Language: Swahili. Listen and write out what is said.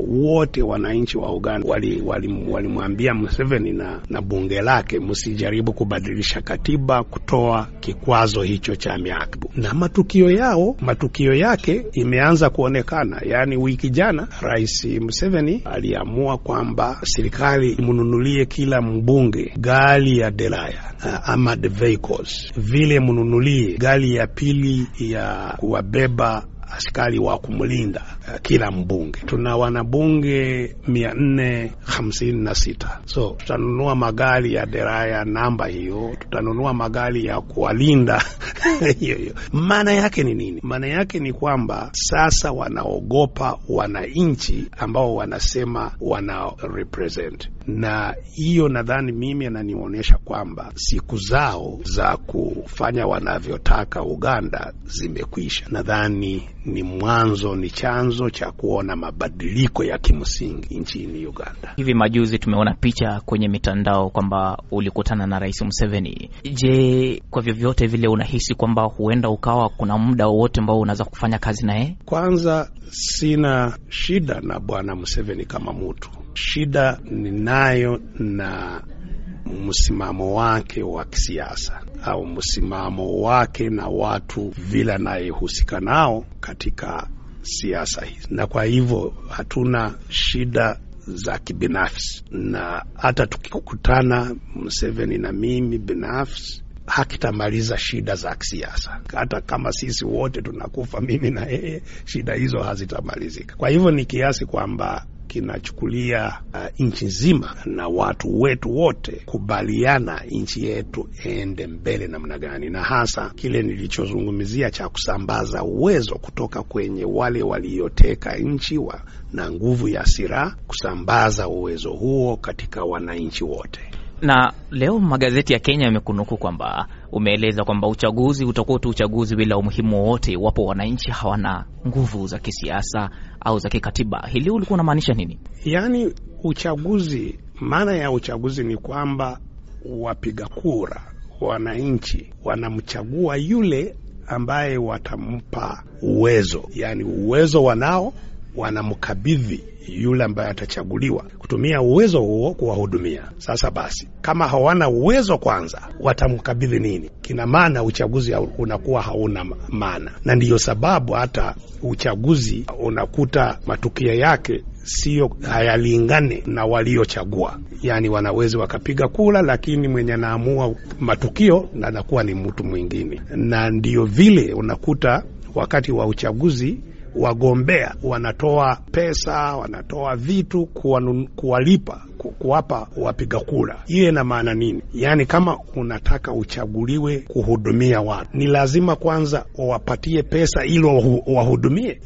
Wote wananchi wa Uganda walimwambia wali Museveni na, na bunge lake msijaribu kubadilisha katiba kutoa kikwazo hicho cha miaka, na matukio yao matukio yake imeanza kuonekana. Yaani wiki jana Rais Museveni aliamua kwamba serikali imnunulie kila mbunge gari ya delaya uh, armored vehicles, vile mnunulie gari ya pili ya kuwabeba askari wa kumlinda eh, kila mbunge. Tuna wanabunge mia nne hamsini na sita so tutanunua magari ya deraya namba hiyo, tutanunua magari ya kuwalinda hiyo hiyo. Maana yake ni nini? Maana yake ni kwamba sasa wanaogopa wananchi ambao wanasema wana represent na hiyo nadhani mimi ananionyesha kwamba siku zao za kufanya wanavyotaka Uganda zimekwisha. Nadhani ni mwanzo, ni chanzo cha kuona mabadiliko ya kimsingi nchini Uganda. Hivi majuzi tumeona picha kwenye mitandao kwamba ulikutana na Rais Museveni. Je, kwa vyovyote vile unahisi kwamba huenda ukawa kuna muda wowote ambao unaweza kufanya kazi naye? Kwanza Sina shida na bwana Museveni kama mtu, shida ninayo na msimamo wake wa kisiasa au msimamo wake na watu vile anayehusika nao katika siasa hizi, na kwa hivyo hatuna shida za kibinafsi, na hata tukikutana Museveni na mimi binafsi hakitamaliza shida za kisiasa. Hata kama sisi wote tunakufa, mimi na yeye, shida hizo hazitamalizika. Kwa hivyo ni kiasi kwamba kinachukulia uh, nchi nzima na watu wetu wote kubaliana nchi yetu ende mbele namna gani, na hasa kile nilichozungumzia cha kusambaza uwezo kutoka kwenye wale walioteka nchi wa, na nguvu ya silaha, kusambaza uwezo huo katika wananchi wote. Na leo magazeti ya Kenya yamekunukuu kwamba umeeleza kwamba uchaguzi utakuwa tu uchaguzi bila umuhimu wowote iwapo wananchi hawana nguvu za kisiasa au za kikatiba. Hili ulikuwa unamaanisha nini? Yaani uchaguzi, maana ya uchaguzi ni kwamba wapiga kura, wananchi wanamchagua yule ambaye watampa uwezo, yaani uwezo wanao wanamkabidhi yule ambaye atachaguliwa kutumia uwezo huo kuwahudumia. Sasa basi, kama hawana uwezo kwanza, watamkabidhi nini? Kina maana uchaguzi unakuwa hauna maana, na ndiyo sababu hata uchaguzi unakuta matukio yake siyo hayalingane na waliochagua. Yaani wanawezi wakapiga kula, lakini mwenye anaamua matukio na anakuwa ni mtu mwingine, na ndiyo vile unakuta wakati wa uchaguzi wagombea wanatoa pesa, wanatoa vitu kuwanun, kuwalipa kuwapa wapiga kura. Hiyo ina maana nini? Yaani, kama unataka uchaguliwe kuhudumia watu, ni lazima kwanza wawapatie pesa ili wahudumie.